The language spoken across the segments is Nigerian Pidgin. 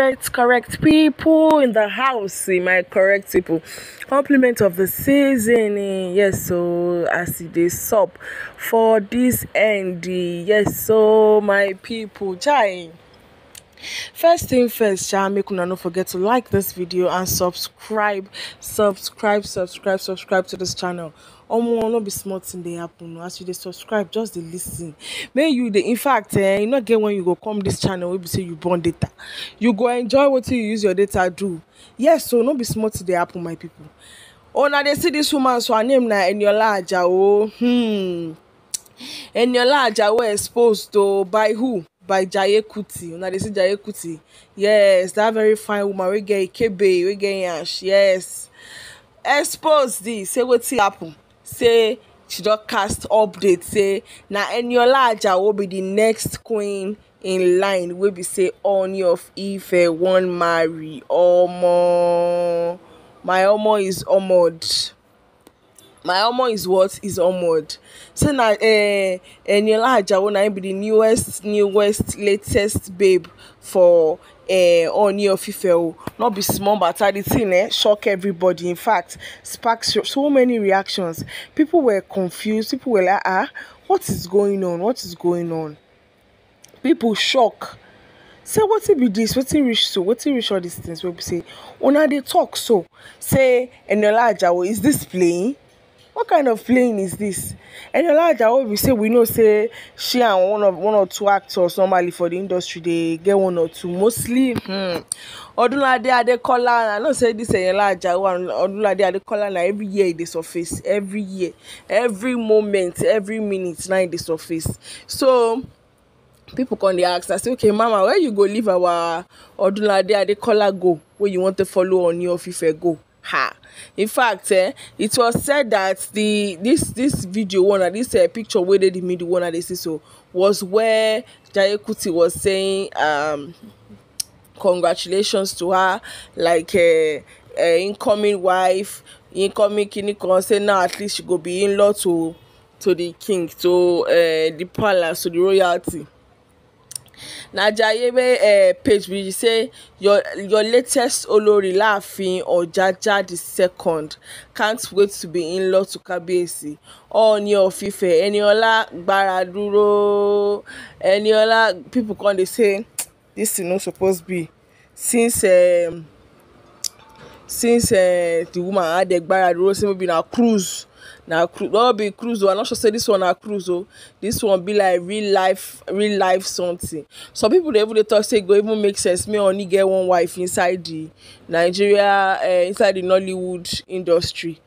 correct, correct people in the house, my correct people. Compliment of the season, eh, yes, so as it is sub for this end, eh, yes, so my people, chai first thing first sha make una no forget to like this video and subscribe subscribe subscribe subscribe to this channel omo no be small thing dey happen as you they subscribe just dey listen May you dey in fact eh you not get when you go come this channel We be say you burn data you go enjoy what you use your data do yes so no be smart thing dey happen my people Oh now they see this woman so her name now your eniola Oh hmm your eniola were exposed to by who by Jaye Kuti. Una dey see Jaye Kuti. Yes, that very fine woman wey get Ikebe, wey get Yansh. Yes. Expose this. Say wetin happen. Say she don cast update say na Eniola Ajawo be the next queen in line wey be say Ooni of Ife wan marry. Omo. My omo is omoed my omo is what is onward So na eh, eniola eh, ajawo na im be the newest newest latest babe for eh, Ooni of Ife o no be small matter the thing eh, shock everybody in fact spark so many reactions people were confused people were like ah what is going on what is going on people shock say wetin be dis wetin reach so wetin reach all these things wey be say una dey talk so say eniola ajawo is this playing what kind of playing is this? And dis eniola I be say we know say she and one of one or two actors normally for the industry they get one or two mostly um hmm, odunlade adekola i know say this dis eniola ajawo and odunlade adekola na every year they surface every year every moment every minute now they surface so people come dey ask I say okay mama where you go leave our odunlade adekola go Where you want to follow on your ife go her in fact eh, it was said that the this this video one or this uh, picture they dey the one i dey see so was where Jai Kuti was saying um congratulations to her like uh, uh, incoming wife incoming kini kan say now at least she go be in-law to to the king to uh, the palace to the royalty na Jayeme um eh, page bin say your your latest olori láàfin ọ̀jájá the second can't wait to be in-law to kábíyèsí Ooni of Ife Eniola gbára dúró Eniola people come dey say this thing no suppose be since um, since um, the woman add gbára dúró say maybe na cruise Now cruise no be cruise I'm not sure say this one a cruise o oh. this one be like real life real life something some people they even dey talk say go even make sense make only get one wife inside the nigeria uh, inside the nollywood industry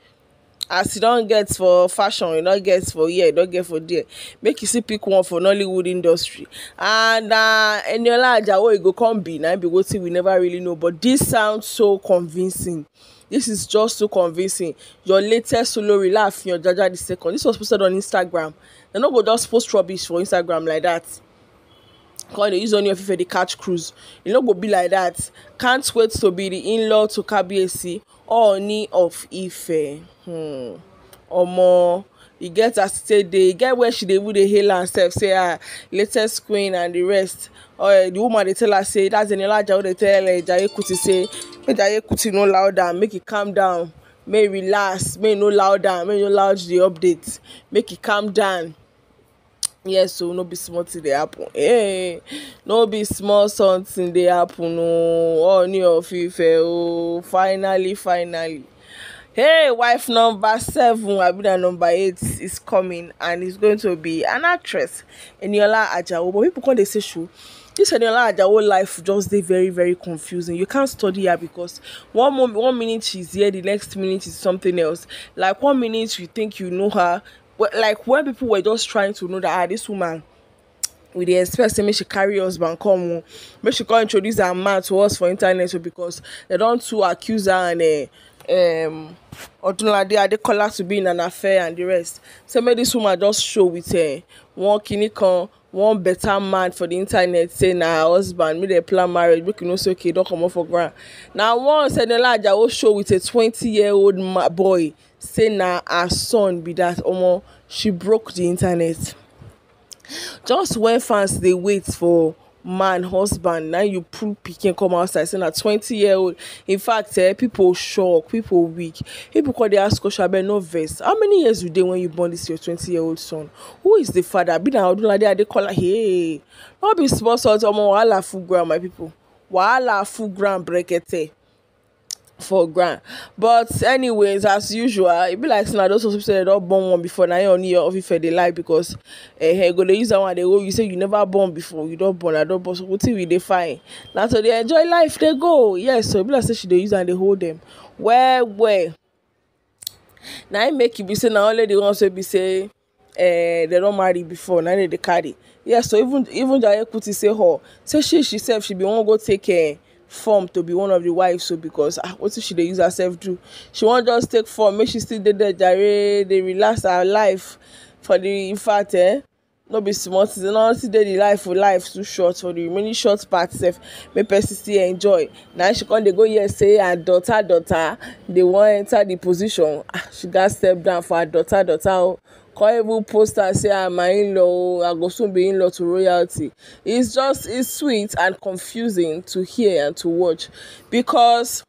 as you don get for fashion you don get for here you don get for there make you still pick one for nollywood industry and na uh, eniola ajawo e go come be na be wetin we never really know but this sound so convincing this is just so convincing your latest solo reel laafiyan jaja the second this was posted on instagram dem no go just post rubbish for instagram like that come dey use onion fife dey catch cruise e no go be like that can't wait to be the in-law to kabiyesi ooni of ife hmm. omo e get as e take dey e get where she dey even dey hail herself. say ah, latest queen and the rest uh, the woman dey tell her say that's eniola ajayi dey tell uh, eh, jaye kuti say make jaye kuti no loud am make e calm down May e relax May e no loud am make e no loud the update make e calm down yes o no be small thing dey happen hey, eh, no be small something dey happen o Ooni new office, o finally finally hey wife number seven abi na number eight is coming and it's going to be an actress Eniola Ajawo but people come dey say sure this Eniola Ajawo life just dey very very confusing you can't study her because one moment one minute she's here the next minute is something else like one minute you think you know her like when people were just trying to know that ah this woman we dey expect say make she carry husband come o oh. make she come introduce her man to us for internet o oh, because dem don too accuse her and uh, um, odunlade adekola to be in an affair and the rest say so make this woman just show with uh, one kini kan one better man for the internet say na her husband make dem plan marriage make you know say okay don comot for ground na once eniola ajawo show with a twenty year old boy say na her son be that omo she broke the internet just when fans dey wait for man husband na you pull pikin come outside say na twenty year old in fact eh, people shock people weak people come dey ask question abeg no vex how many years you dey when you born this your twenty year old son who is the father abi na odunlade adekola hey no be small sort omo wahala full ground my people wahala full ground brekete. Eh. for ground but anyways as usual e be like say na those hospital you say don born one before na your your office ife dey like because eh, eh go dey use that one dey hold you say you never born before you don born i don born so wetin we dey fine na so dey enjoy life dey go yes so e be like say she dey use am dey hold dem well well. na im make e be say na only the ones wey be say eh dey don marry before na dem dey carry yes so even even kuti say her say she she sef she bin wan go take care. form to be one of the wives so because ah wetin she dey use herself do she wan just take form make she still dey there jare dey relax her life for the in fact eh no be small thing na still dey the life for life too short for the remaining short part sef make person still enjoy na she come dey go hear say her daughter daughter dey wan enter the position ah she gats step down for her daughter daughter o oh. Can't even post and say, ah, my in-law, oh, I go soon be in-law to royalty. It's just, it's sweet and confusing to hear and to watch because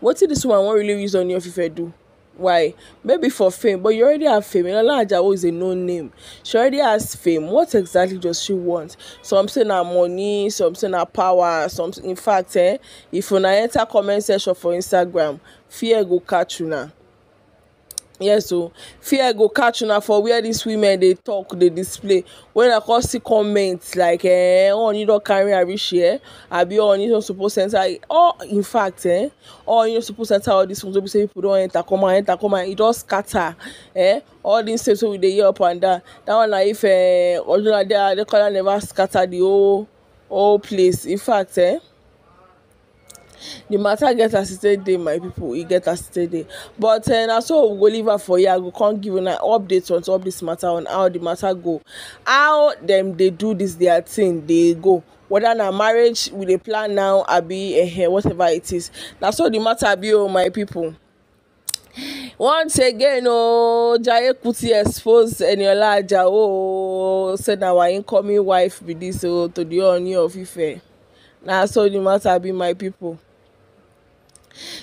what did this one really reason on your do? why maybe for fame but you already have fame Enola Ajawo is a known name she already has fame what exactly does she want some say na money some say na power some in fact eh if una enter comment section for instagram fear go catch una yes o fear go catch una for where these women dey talk dey display When I come see comment like eh honey oh, don carry am reach here abi honey oh, no suppose enter or oh, in fact eh honey no suppose enter all these things wey be say people don enter come out enter come out e don scatter eh all these things wey we dey hear up and down that one na if eh odunade adekola never scatter the whole whole place in fact eh the matter get as e take dey my people e get as e dey but uh, na so we go leave am for here i go come give una update on top this matter on how the matter go how dem dey do this their thing dey go whether na marriage we dey plan now abi uh, whatever it is na so the matter be o oh, my people once again oh, Jaiye Kuti expose Eniola Ajao oh, say na our incoming wife be this oh, to the Ooni of Ife na so the matter be my people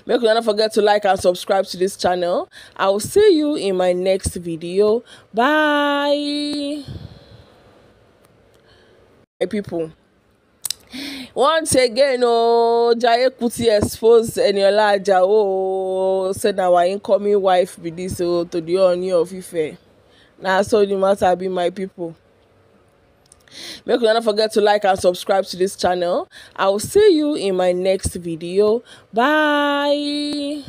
make una not forget to like and subscribe to this channel i will see you in my next video bye hey people once again oh, jaya Kuti expose Eniola Ajao ooo oh, say our incoming wife be this oh, to the Ooni of Ife na so the matter be my people. make sure not forget to like and subscribe to this channel i will see you in my next video bye